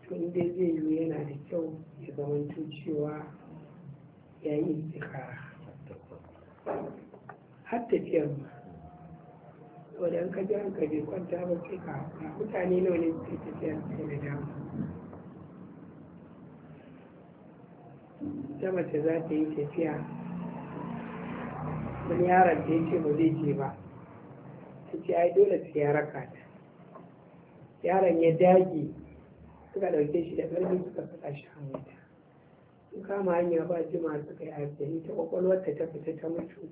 to inda zai yi yana da kyau ya zamanto cewa ya yi istikara har tafiyar ma wadda an ka an kaji kwanta ba sai ka mutane nawa ne suke tafiyar sai da dama ita mace za ta yi tafiya wani yaron da yace ce ba zai je ba ta ce ai dole sai ya raka ta yaron ya dage suka ɗauke shi da ƙarfi suka saka shi hanyar ta sun kama hanya ba jima suka yi arzani ta ƙwaƙwalwar ta ta fita ta mutu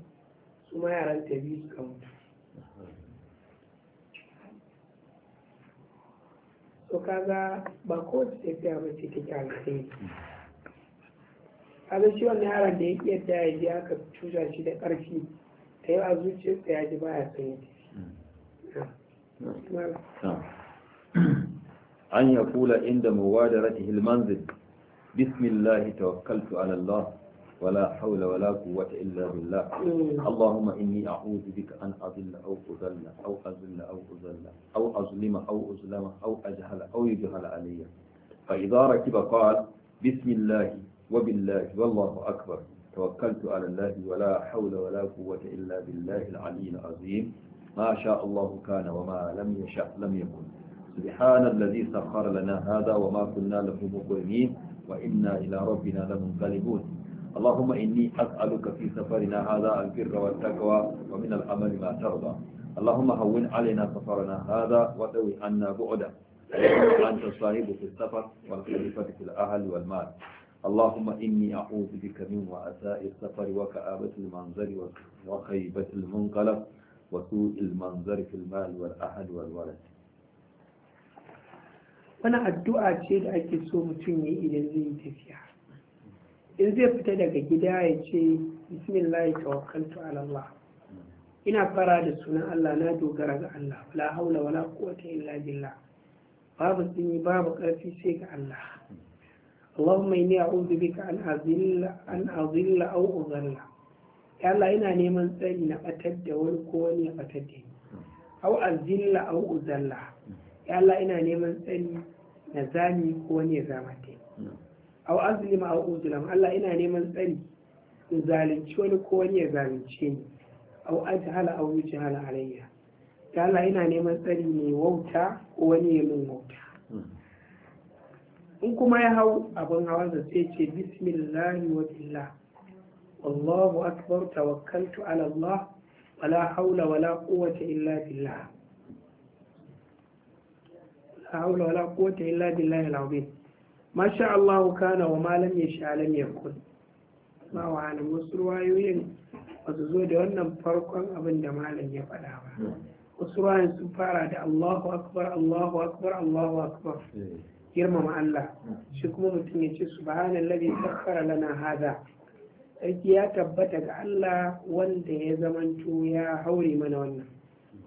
su ma yaran ta biyu suka mutu to kaga ba kowace tafiya ba ce take alkhairi kaga shi yaron da ya yadda ya ji aka cuta shi da ƙarfi ta yau a zuciyarsa ya ji ba ya yi an ya kula inda muwadarati hilmanzil bismillahi tawakkaltu ala Allah ولا حول ولا قوة إلا بالله اللهم إني أعوذ بك أن أضل أو أذل أو أذل أو أذل أو أظلم أو أظلم أو أجهل أو يجهل علي فإذا ركب قال بسم الله وبالله والله أكبر توكلت على الله ولا حول ولا قوة إلا بالله العلي العظيم ما شاء الله كان وما لم يشاء لم يكن سبحان الذي سخر لنا هذا وما كنا له مقرنين وإنا إلى ربنا لمنقلبون اللهم إني أسألك في سفرنا هذا البر والتقوى ومن العمل ما ترضى اللهم هون علينا سفرنا هذا ودوي عنا بعده أنت صاحب في السفر والخليفة في الأهل والمال اللهم إني أعوذ بك من وعثاء السفر وكآبة المنظر وخيبة المنقلب وسوء المنظر في المال والأحد والولد wani addu'a ce da ake so mutum ya idan zai yi tafiya in zai fita daga gida ya ce bismillah tawakkaltu ala Allah ina fara da sunan Allah na dogara ga Allah la haula wala quwwata illa billah babu tsini babu karfi sai ga Allah Allahumma inni a'udhu bika an azilla an azilla aw uzalla ya Allah ina neman tsari na batar da wani ko wani ya batar da ni aw azilla aw uzalla ya Allah ina neman tsari na zami ko wani ya zama ta aw azlima aw uzlam Allah ina neman tsari in zalunci wani ko wani ya zalunce ni aw ajhala aw yujhala alayya ya Allah ina neman tsari ne wauta ko wani ya min wauta in kuma ya hau abin da sai ce bismillahi wa billah wallahu akbar tawakkaltu ala Allah wala haula wala quwwata illa billah la haula wala quwwata illa billah al ma sha Allah kana wa ma lam yasha lam yakun ma wa an wasu ruwayoyin ba su zo da wannan farkon abin da malam ya faɗa ba hmm. wasu ruwayoyin sun fara da Allahu akbar Allahu akbar Allahu akbar eh. girmama Allah shi kuma mutum ya ce subhanallazi sakhkhara lana hada sarki ya tabbata ga Allah wanda ya zamanto ya haure mana wannan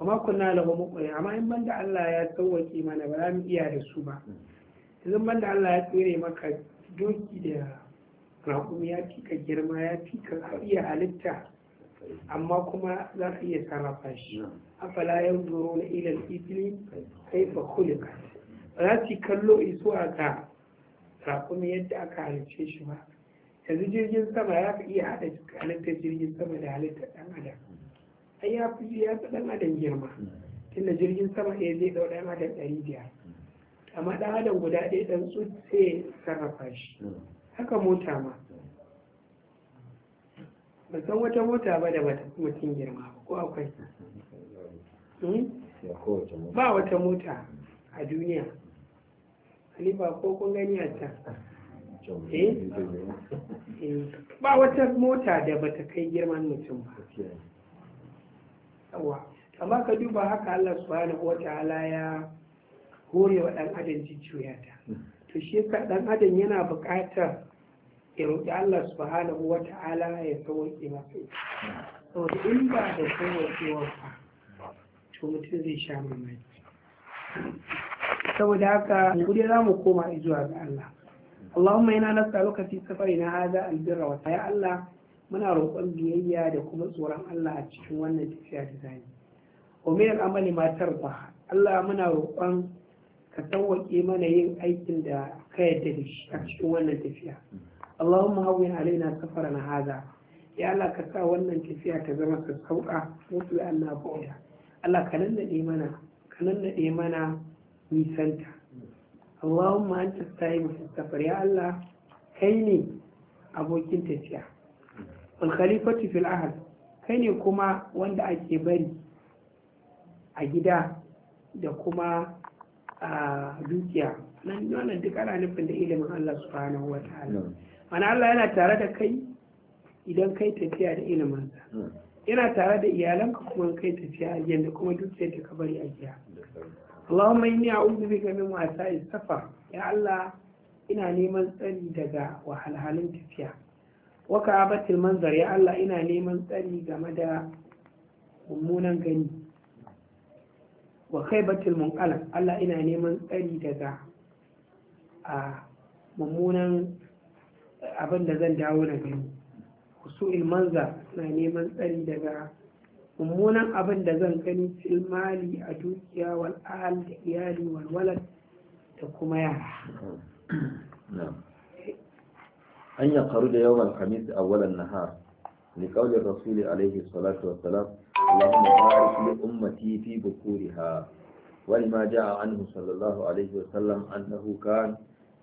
amma kunna lahu muqri amma in banda Allah ya tsawaki mana ba za mu iya da su ba idan banda Allah ya tsere maka doki da raƙum ya fi girma ya fi ka iya halitta amma kuma za ka iya sarrafa shi afala yanzuru ila al-ibli kaifa khuliqat za su kallo a ga raƙumi yadda aka halice shi ba yanzu jirgin sama ya fi iya haɗa halittar jirgin sama da halittar ɗan adam ai ya fi ya fi ɗan adam girma tunda jirgin sama ɗaya zai ɗau ɗan adam ɗari biyar amma ɗan adam guda ɗaya ɗan tsu sai sarrafa shi haka mota ma ba san wata mota ba da bata mutum girma ba ko akwai hmm? ba wata mota a duniya liba ko kun gani a can eh? eh. ba wata mota da ba ta kai girman mutum ba yawa amma ka duba haka Allah subhanahu wata'ala ya hore wa ɗan adam jijjiya ta to shi yasa ɗan adam yana buƙatar ya roƙi Allah subhanahu wata'ala ya sauke masa saboda in ba da sauwaƙewa ba to mutum zai sha mamaki saboda haka kudi za mu koma zuwa ga Allah Allahumma yana lokaci safari na haza albirra wa ya Allah muna roƙon biyayya da kuma tsoron Allah a cikin wannan tafiya da zani wa min matar matar Allah muna roƙon ka tawwaƙe mana yin aikin da ka yadda da shi a cikin wannan tafiya Allahumma hawwin alaina na haza. ya Allah ka sa wannan tafiya ta zama sassauƙa mutu Allah ba'uda Allah ka nannaɗe mana ka nannaɗe mana nisanta Allahumma anta sa'imu safar ya Allah kai ne abokin tafiya wal khalifatu fil kai ne kuma wanda ake bari a gida da kuma a dukiya nan wannan duk ana nufin da ilimin Allah subhanahu wata ta'ala mana Allah yana tare da kai idan kai tafiya da ilimin yana tare da iyalanka kuma kai tafiya a da kuma dukiyar da ka bari a gida Allahumma inni a'udhu bika min wa'sa'i safar ya Allah ina neman tsari daga wahalhalun tafiya wa ka'abatil manzar ya Allah ina neman tsari game da mummunan gani wa khaybatil munqalam Allah ina neman tsari daga a mummunan abin da zan dawo na gani il manzar ina neman tsari daga mummunan abin da zan gani fil mali a dukiya wal ahal da iyali wal walad da kuma yara an ya karu da yawan alhamis a walan nahar li qawli rasuli alaihi salatu wassalam اللهم بارك لأمتي في بكورها ولما جاء عنه صلى الله عليه وسلم أنه كان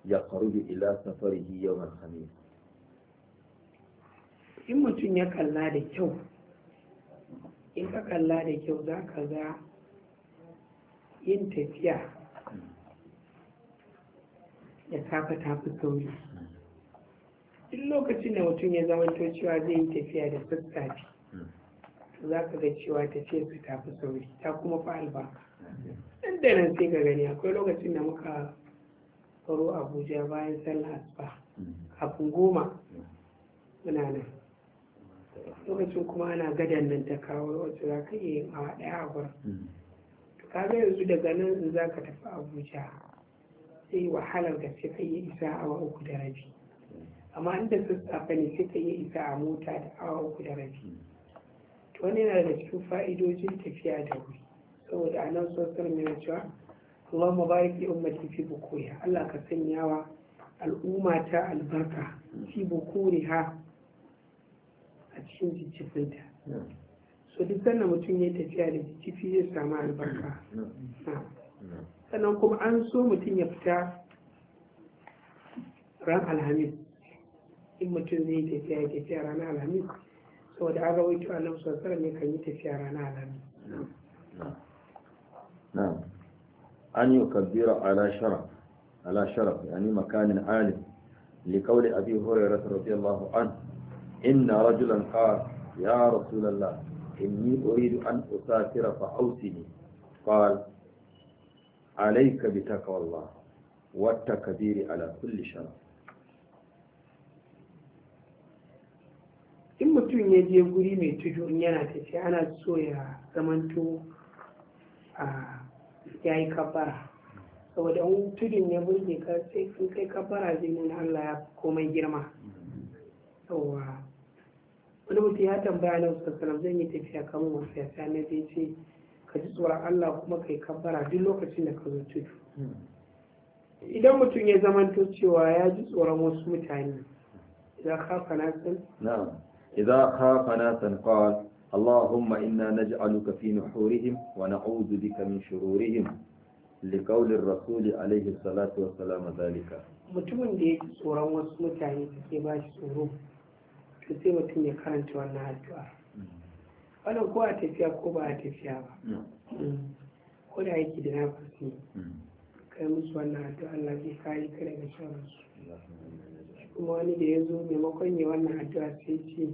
ila إلى سفره يوم الخميس in mutum ya kalla da kyau in ka kalla da kyau za ka ga yin tafiya da safe ta sauri duk lokacin da mutum ya zama to cewa zai yi tafiya da sassafe za ka ga cewa tafiyarsa ta fi sauri ta kuma fa albarka nan da nan sai ka gani akwai lokacin da muka faro abuja bayan sallah asuba kafin goma muna nan lokacin kuma ana gadan nan ta kawo wacce za ka iya yin awa ɗaya a gurin hmm. ka ga yanzu daga nan in za ka tafi abuja sai wahalar da sai ka iya isa awa uku da rabi amma inda sassafe ne sai ka isa a mota da awa uku da rabi hmm. to wani yana da cikin fa'idojin tafiya da wuri saboda a nan sosar mai cewa Allah mubarak li ummati fi bukuya Allah ka sanya wa al'umma ta albarka fi bukuriha a cikin jijjifinta so duk sannan mutum ya tafiya da jijjifi zai samu albarka sannan kuma an so mutum ya fita ran alhamis in mutum zai yi tafiya ya tafiya ranar alhamis saboda an rawaito annabi sallallahu ne kan yi tafiya ranar alhamis na'am an yi kabbira ala sharaf ala sharaf yani makanin alim لقول أبي هريرة رضي الله عنه inna rajulan qala ya rasulullah inni uridu an usafira fa awsini qala alayka bi taqwallah wa takbiri ala kulli sharaf in mutum ya je guri mai tudu in yana tafiya ana so ya zamanto ya yi kabara saboda an tudun ya burge ka sai kai kabara zai nuna allah ya komai girma yawwa wani mutum ya tambaya na wasu salam zan yi tafiya kamar wasu ya sa na je ce ka ji tsoron Allah kuma ka yi kabbara duk lokacin da ka zo tudu idan mutum ya zamanto cewa ya ji tsoron wasu mutane idan khafa nasan na'am idan khafa nasan qala اللهم إنا نجعلك في نحورهم ونعوذ بك من شرورهم لقول Alayhi Salatu wa والسلام Zalika. mutumin da ya ji tsoron wasu mutane take ba shi tsoro to sai mutum ya karanta wannan addu'a Wani ko a tafiya ko ba a tafiya ba ko da yake da na ne mm. kai musu wannan addu'a Allah zai kare ka daga shawararsu kuma wani da ya zo maimakon ya wannan addu'a sai ce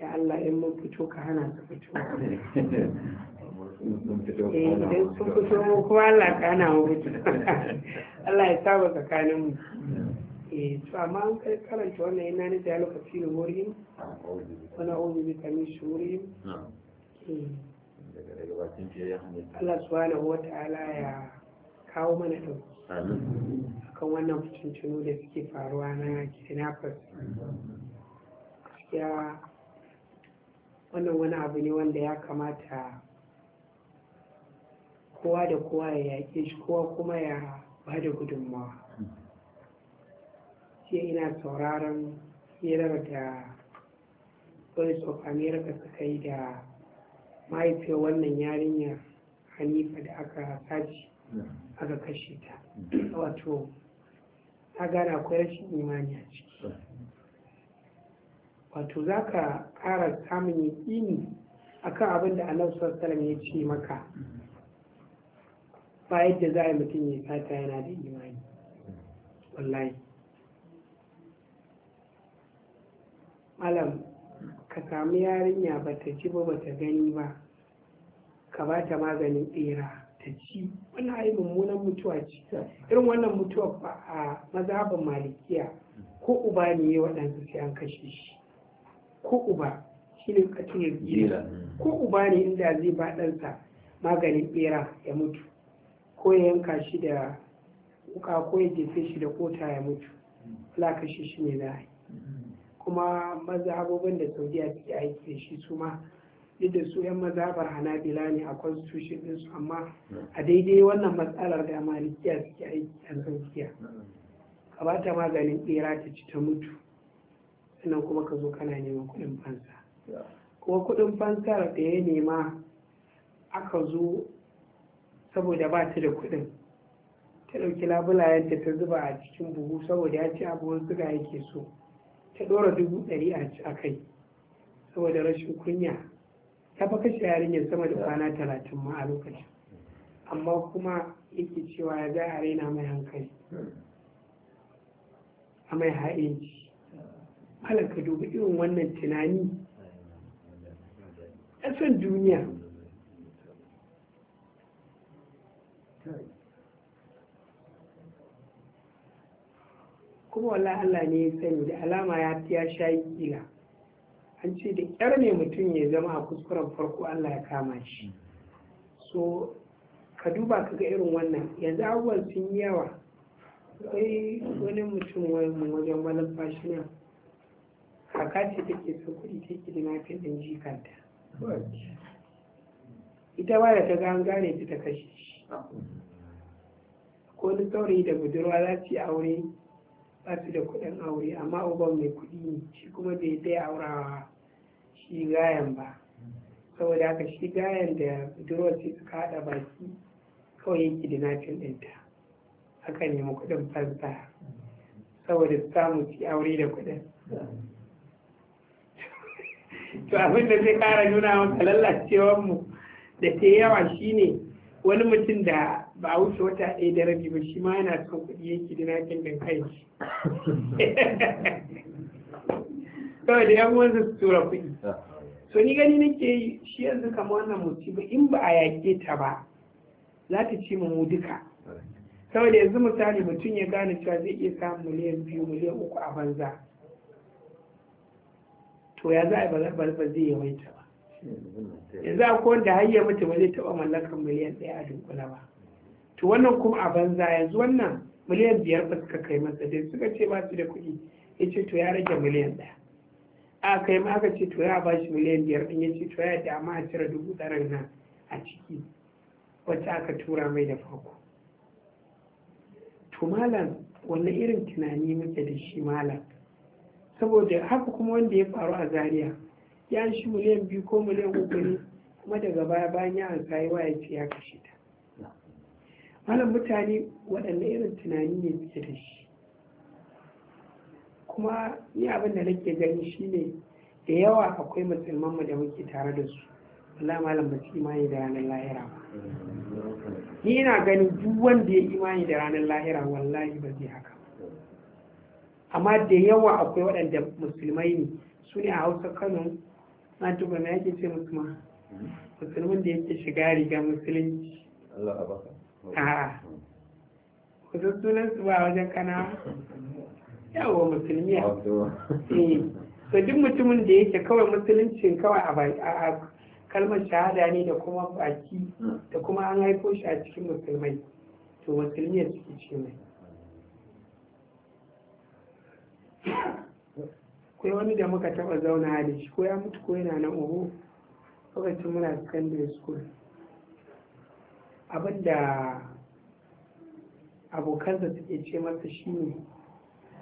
ya Allah in mun fito ka hana su fito eh, idan sun fito kuma Allah ka hana mu fito Allah ya saba mu. eh to amma an karanta wannan yana ne da lokaci da wurin wani obi bi kami shurim Allah subhanahu wa ta'ala ya kawo mana ɗau akan wannan fitintunu da suke faruwa na kidnappers ya wannan wani abu ne wanda ya kamata kowa da kowa ya yaƙe shi kowa kuma ya ba da gudunmawa ce ina sauraron hirar da voice of america suka yi da mahaifiyar wannan yarinyar hanifa da aka sace aka kashe ta wato ta gane akwai rashin imani a ciki wato za ka kara samun a akan abin da annabi sallallahu ya ce maka ba yadda za a yi mutum ya sata yana da imani wallahi alam ka samu yarinya ba ta ci ba ba ta gani ba ka ba ta maganin tsira ta ci wani ai mummunan mutuwa ce irin wannan mutuwa ba a mazhabin malikiya ko uba ne ya waɗansu sai an kashe shi ko uba shi ne katin ya ko uba ne inda zai ba ɗansa maganin ɓera ya mutu ko ya yanka shi da wuka ko ya jefe shi da kota ya mutu wala kashe shi ne za kuma mazhabobin da saudiya suke aiki da shi su ma duk da su 'yan mazhabar hanabila ne a constitution su amma a daidai wannan matsalar da malikiya suke aiki a saudiya ka ba ta maganin ɓera ta ci ta mutu sannan kuma ka zo kana neman kuɗin fansa kuma kuɗin fansar da ya nema aka zo saboda ba ta da kuɗin ta ɗauki labulayen ta zuba a cikin buhu saboda ya ce abubuwan suga yake so ta ɗora dubu ɗari a ci kai saboda rashin kunya ta fa kashe yarinyar sama da kwana talatin ma a lokacin amma kuma yake cewa ya za a raina mai hankali a mai ha'inci malam ka duba irin wannan tunani ƙasan duniya kuma wallahi Allah ne ya sani da alama ya ya shayi kila an ce da kyar ne mutum ya zama a kuskuren farko Allah ya kama shi so ka duba ka ga irin wannan yanzu abubuwan sun yi yawa wai wani mutum wajen wajen fashina kaka ce take son kuɗi take na nafin ɗin jikanta ita ba da ta ga an gane ta ta kashe shi ko wani saurayi da budurwa za su yi aure ba da kuɗin aure amma uban mai kuɗi ne shi kuma bai dai aurawa shi gayan ba saboda haka shi gayan da budurwar sai suka haɗa baki kawai yake da nafin ɗinta aka nemi kuɗin fasta saboda su samu ci aure da kuɗin to abin da zai kara nuna maka lallacewar mu da ta yawa shine wani mutum da ba a wuce wata ɗaya da rabi ba shi ma yana son kuɗi yake da nakin da kai shi kawai da yan uwansa su tura kuɗi ah. To ni gani nake yi shi yanzu kama wannan musiba in ba a yaƙe ta ba za ta ci mu duka da yanzu misali mutum ya gane cewa zai iya samun miliyan biyu miliyan uku a banza to ya za a ba zai yawaita yanzu akwai wanda har ya mutu ba zai taɓa mallakar miliyan ɗaya a dunkula ba to wannan kuma a banza yanzu wannan miliyan biyar ba suka kai masa dai suka ce ba su da kuɗi ya ce to ya rage miliyan ɗaya a kai ma aka ce to ya ba shi miliyan biyar ɗin ya ce to ya da ma a cire dubu ɗarin nan a ciki wacce aka tura mai da farko to malam wani irin tunani muke da shi malam saboda haka kuma wanda ya faru a zaria ya shi miliyan biyu ko miliyan uku ne kuma daga baya bayan ya an kayi waya ce ya kashe ta malam mutane waɗanne irin tunani ne suke da shi kuma ni abin da nake gani shine da yawa akwai musulman da muke tare da su Allah malam ba su imani da ranar lahira ba ni ina ganin duk wanda ya imani da ranar lahira wallahi ba zai haka amma da yawa akwai waɗanda musulmai ne su ne a hausa kano a na yake ce musulma musulmin da yake shiga riga musulunci a wasu sunan su ba wajen kana yawo musulmiya eh. to duk mutumin da yake kawai musuluncin kawai a kalmar shahada ne da kuma baki da kuma an haifo shi a cikin musulmai to musulmiyar ciki ce mai Sai wani da muka taɓa zauna da shi ko ya mutu ko yana nan uhu lokacin muna secondary school abinda abokansa suke ce masa shi ne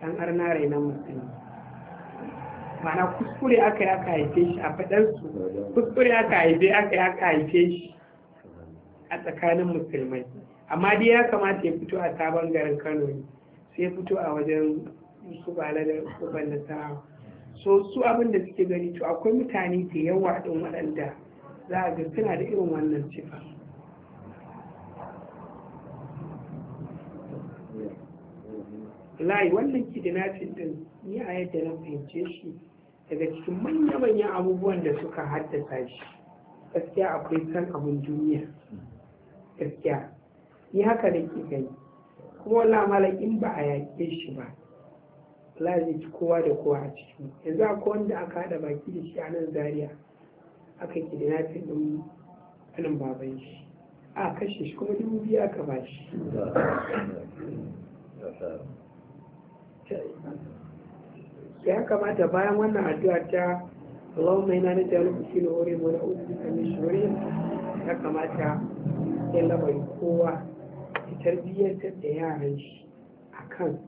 ɗan arna na musulmi mana kuskure aka yi aka haife shi a faɗansu kuskure aka haife aka yi aka haife shi a tsakanin musulmai amma dai ya kamata ya fito a sabon garin kano ne sai fito a wajen su ba da su ban sa'a so su abin da suke gani to akwai mutane da yawa ɗin waɗanda za a ga suna da irin wannan cifa lai wannan kidnapping din ni a yadda na fahimce shi daga cikin manya-manyan abubuwan da suka haddasa shi gaskiya akwai san abin duniya gaskiya ni haka da ke gani kuma wala mala in ba a yaƙe shi ba lazi ci kowa da kowa a ciki yanzu akwai wanda aka haɗa baki da shi a nan zaria aka yi da nafi ɗin ɗanin baban shi a kashe shi kuma dubu biyu aka ba shi ya kamata bayan wannan addu'a ta Mai na Allahumma inna naj'aluka fi na wa na'udhuka min shurin ya kamata ya labai kowa ya tarbiyyar da yaran shi a kan.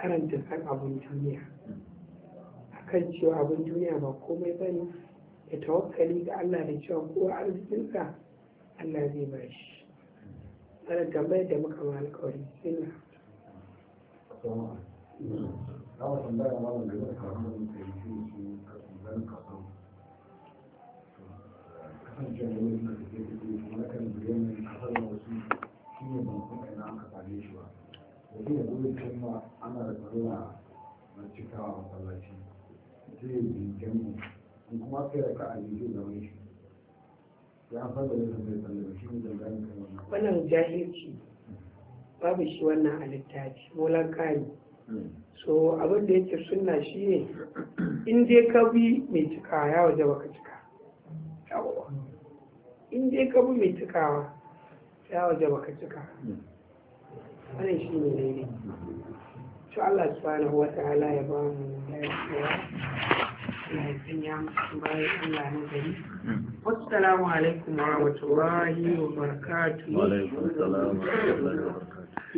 karanta san abin duniya a kan cewa abin duniya ba komai ba ne ya tawakkali ga Allah da cewa kowa arzikinsa Allah zai ba shi ana tambayar da muka ma alƙawari sina zauna na cikawa a masallaci zai yi jamu in kuma kai da ka'a ne zai zama shi ya san da yadda zai tsalle shi ne da zai kai wannan jahilci babu shi wannan a littafi molar kayi so abin da yake sunna shi ne in dai ka bi mai cika ya waje baka cika in dai ka bi mai cikawa ya waje baka cika wannan shi ne daidai shi Allah subhanahu wa ta'ala ya ba mu lafiya lafiya bayan Allah na gari wassalamu alaikum wa rahmatullahi wa barakatuh wa alaikum assalam wa rahmatullahi wa barakatuh